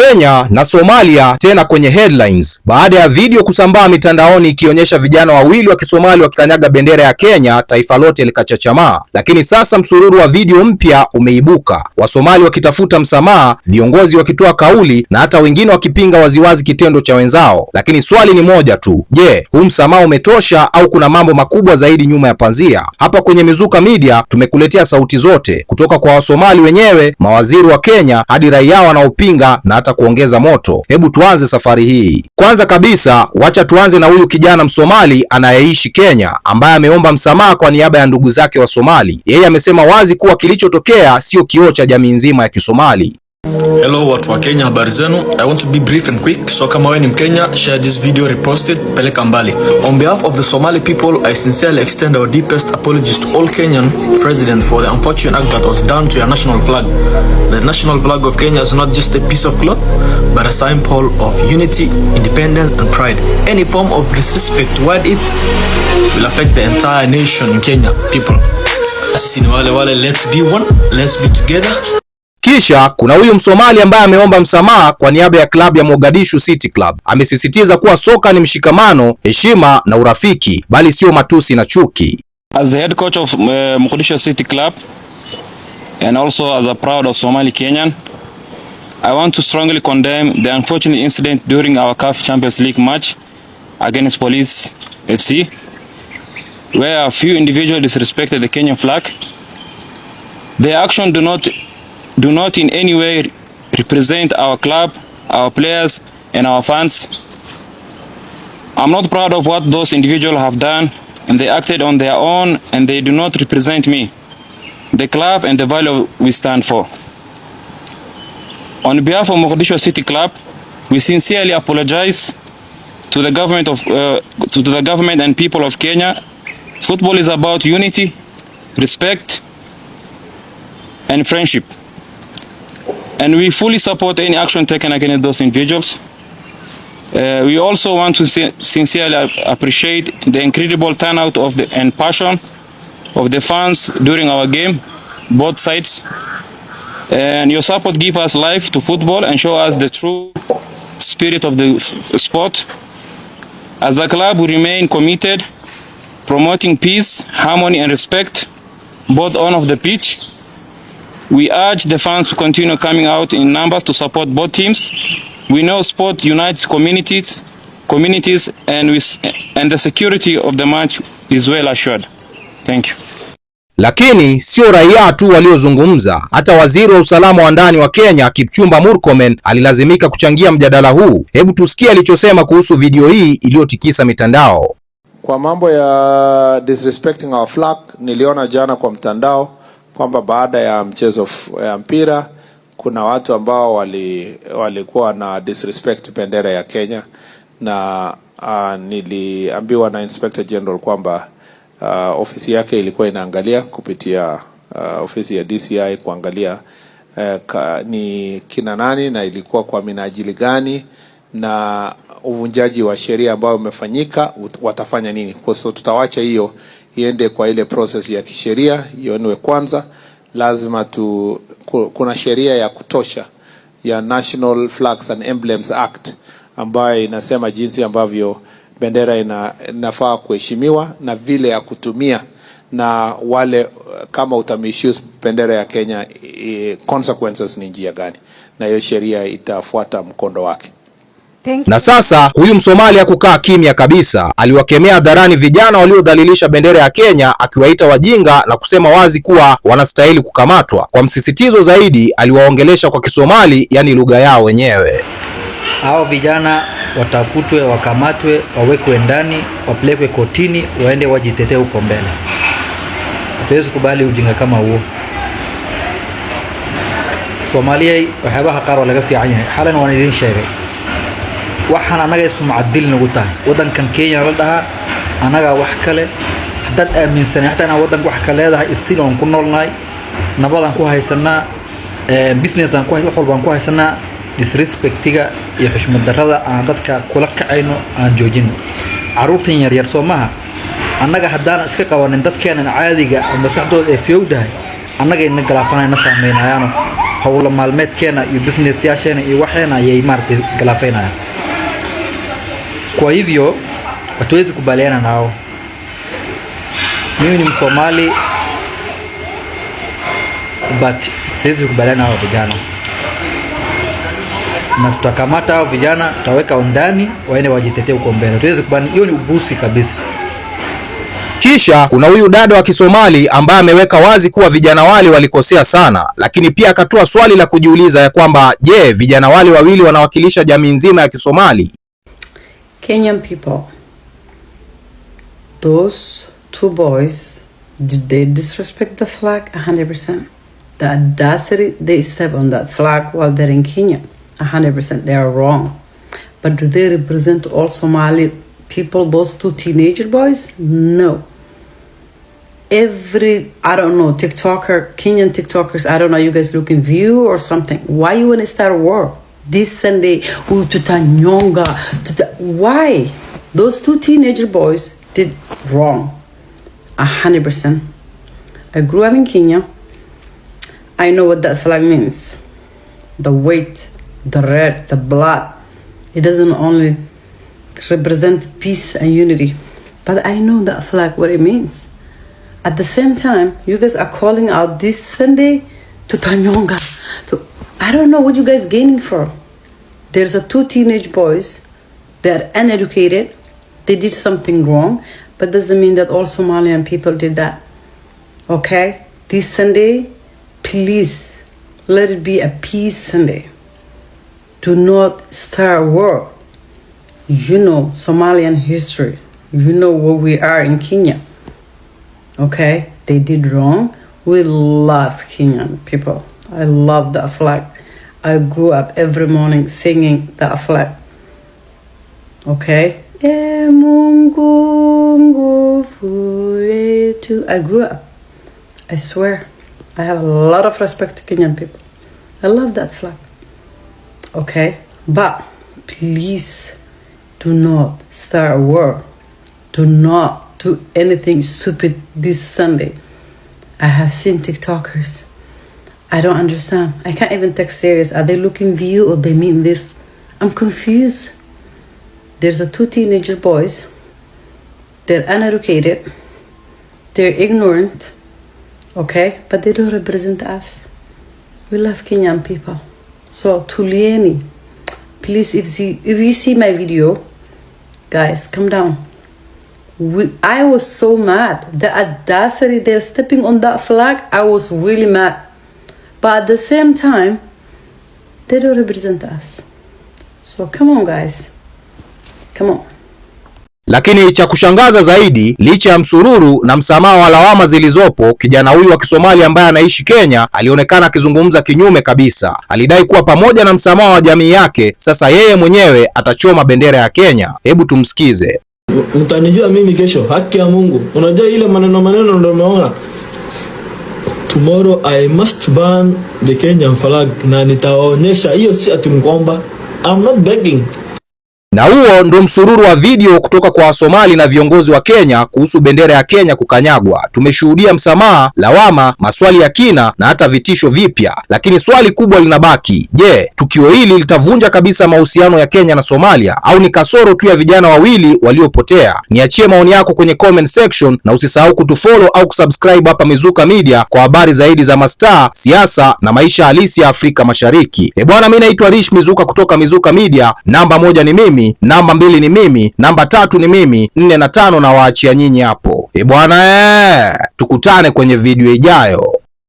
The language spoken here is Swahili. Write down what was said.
Kenya na Somalia tena kwenye headlines baada ya video kusambaa mitandaoni ikionyesha vijana wawili wa Kisomali wakikanyaga bendera ya Kenya, taifa lote likachachamaa. Lakini sasa msururu wa video mpya umeibuka, Wasomali wakitafuta msamaha, viongozi wakitoa kauli na hata wengine wakipinga waziwazi kitendo cha wenzao. Lakini swali ni moja tu, je, huu msamaha umetosha au kuna mambo makubwa zaidi nyuma ya pazia? Hapa kwenye Mizuka Media tumekuletea sauti zote kutoka kwa Wasomali wenyewe, mawaziri wa Kenya hadi raia wanaopinga na hata kuongeza moto. Hebu tuanze safari hii. Kwanza kabisa, wacha tuanze na huyu kijana Msomali anayeishi Kenya ambaye ameomba msamaha kwa niaba ya ndugu zake wa Somali. Yeye amesema wazi kuwa kilichotokea sio kioo cha jamii nzima ya Kisomali. Hello watu wa Kenya, habari zenu. I want to be brief and quick, so kama wewe ni Mkenya, share this video, repost it, peleka mbali. On behalf of the Somali people, I sincerely extend our deepest apologies to all Kenyan president for the unfortunate act that was done to your national flag. The national flag of Kenya is not just a piece of cloth, but a symbol of unity, independence and pride. Any form of disrespect toward it will affect the entire nation in Kenya people. Sisi ni wale wale, let's be one, let's be together. Kisha kuna huyu Msomali ambaye ameomba msamaha kwa niaba ya klabu ya Mogadishu City Club. Amesisitiza kuwa soka ni mshikamano, heshima na urafiki, bali sio matusi na chuki. As the head coach of uh, Mogadishu City Club and also as a proud of Somali Kenyan, I want to strongly condemn the unfortunate incident during our CAF Champions League match against Police FC where a few individuals disrespected the Kenyan flag. Their action do not do not in any way represent our club, our players, and our fans. I'm not proud of what those individuals have done, and they acted on their own, and they do not represent me, the club, and the value we stand for. On behalf of Mogadishu City Club, we sincerely apologize to the government of uh, to the government and people of Kenya. Football is about unity, respect, and friendship. and we fully support any action taken against those individuals. Uh, we also want to sincerely appreciate the incredible turnout of the, and passion of the fans during our game, both sides. And your support gives us life to football and show us the true spirit of the sport. As a club, we remain committed, promoting peace, harmony, and respect, both on of the pitch We urge the fans to continue coming out in numbers to support both teams. We know sport unites communities, communities and, we, and the security of the match is well assured. Thank you. Lakini sio raia tu waliozungumza, hata waziri wa usalama wa ndani wa Kenya Kipchumba Murkomen alilazimika kuchangia mjadala huu. Hebu tusikie alichosema kuhusu video hii iliyotikisa mitandao. Kwa mambo ya disrespecting our flag, niliona jana kwa mtandao kwamba baada ya mchezo ya mpira kuna watu ambao walikuwa wali na disrespect bendera ya Kenya na uh, niliambiwa na Inspector General kwamba uh, ofisi yake ilikuwa inaangalia kupitia uh, ofisi ya DCI kuangalia uh, ka, ni kina nani na ilikuwa kwa minajili gani na uvunjaji wa sheria ambao umefanyika watafanya nini. Kwa hiyo tutawacha hiyo iende kwa ile process ya kisheria ionwe kwanza. Lazima tu, kuna sheria ya kutosha ya National Flags and Emblems Act ambayo inasema jinsi ambavyo bendera ina, inafaa kuheshimiwa na vile ya kutumia na wale kama utamishuse bendera ya Kenya, consequences ni njia gani, na hiyo sheria itafuata mkondo wake. Na sasa huyu Msomali hakukaa kimya kabisa, aliwakemea hadharani vijana waliodhalilisha bendera ya Kenya, akiwaita wajinga na kusema wazi kuwa wanastahili kukamatwa. Kwa msisitizo zaidi, aliwaongelesha kwa Kisomali, yaani lugha yao wenyewe. Hao vijana watafutwe, wakamatwe, wawekwe ndani, wapelekwe kotini, waende wajitetee huko mbele. Hatuwezi kubali ujinga kama huo. Somalia waxyaabaha qaar waa laga sheegay waxaan annagay sumcad dil nagu tahay waddankan kenya la dhahaa annagaa wax kale haddaad aaminsanay hataa inaan waddanka wax ka leedahay stil oon ku noolnahay nabadaan ku haysannaa eh, businessaan ku wax walbaan ku haysanaa disrespectiga iyo xushmad darrada aan dadka kula kacayno aan joojino carruurtan yaryar soo annaga haddaanan iska qabanin dadkeenan caadiga ah, maskaxdooda ee fiyowdahay annagayna galaafanayna saamaynayaano howla maalmeedkeenna iyo businessyaasheena iyo waxeena ayay maaragtay galaafaynayaan Kwa hivyo hatuwezi kubaliana nao. Mimi ni Msomali but siwezi kubaliana nao vijana, na tutakamata hao vijana, tutaweka ndani, waende wajitetee huko mbele. Hatuwezi kubaliana, hiyo ni ubusi kabisa. Kisha kuna huyu dada wa Kisomali ambaye ameweka wazi kuwa vijana wale walikosea sana, lakini pia akatoa swali la kujiuliza ya kwamba je, vijana wale wawili wanawakilisha jamii nzima ya Kisomali? Kenyan people. Those two boys, did they disrespect the flag? 100%. The audacity they step on that flag while they're in Kenya, 100%. They are wrong. But do they represent all Somali people, those two teenager boys? No. Every, I don't know, TikToker, Kenyan TikTokers, I don't know, you guys looking view or something. Why you want to start a war? This Sunday, why those two teenager boys did wrong. A hundred percent. I grew up in Kenya. I know what that flag means. The white, the red, the blood. It doesn't only represent peace and unity, but I know that flag, what it means. At the same time, you guys are calling out this Sunday to Tanyonga. To, I don't know what you guys gaining from. There's a two teenage boys they're uneducated, they did something wrong, but doesn't mean that all Somalian people did that. Okay? This Sunday, please let it be a peace Sunday. Do not start war. You know Somalian history. You know where we are in Kenya. Okay? They did wrong. We love Kenyan people. I love that flag. I grew up every morning singing that flag. Okay. I grew up. I swear. I have a lot of respect to Kenyan people. I love that flag. Okay. But please do not start a war. Do not do anything stupid this Sunday. I have seen TikTokers. I don't understand. I can't even take serious. Are they looking view or they mean this? I'm confused there's a two teenager boys they're uneducated they're ignorant okay but they don't represent us we love kenyan people so tulieni please if you if you see my video guys come down we, i was so mad the audacity they're stepping on that flag i was really mad but at the same time they don't represent us so come on guys Come on. Lakini cha kushangaza zaidi, licha ya msururu na msamaha wa lawama zilizopo, kijana huyu wa Kisomali ambaye anaishi Kenya alionekana akizungumza kinyume kabisa. Alidai kuwa pamoja na msamaha wa jamii yake, sasa yeye mwenyewe atachoma bendera ya Kenya. Hebu tumsikize. Mtanijua mimi kesho, haki ya Mungu. Unajua ile maneno maneno ndio umeona. Tomorrow I must burn the Kenyan flag, na nitawaonyesha. Hiyo si ati I'm not begging na huo ndo msururu wa video kutoka kwa Wasomali na viongozi wa Kenya kuhusu bendera ya Kenya kukanyagwa. Tumeshuhudia msamaha, lawama, maswali ya kina na hata vitisho vipya, lakini swali kubwa linabaki. Je, tukio hili litavunja kabisa mahusiano ya Kenya na Somalia au ni kasoro tu ya vijana wawili waliopotea? Niachie maoni yako kwenye comment section na usisahau kutufollow au kusubscribe hapa Mizuka Media kwa habari zaidi za mastaa, siasa na maisha halisi ya Afrika Mashariki. E bwana, mimi naitwa Rish Mizuka kutoka Mizuka Media. Namba moja ni mimi namba mbili ni mimi, namba tatu ni mimi, nne na tano na waachia nyinyi hapo. E bwana, ee, tukutane kwenye video ijayo.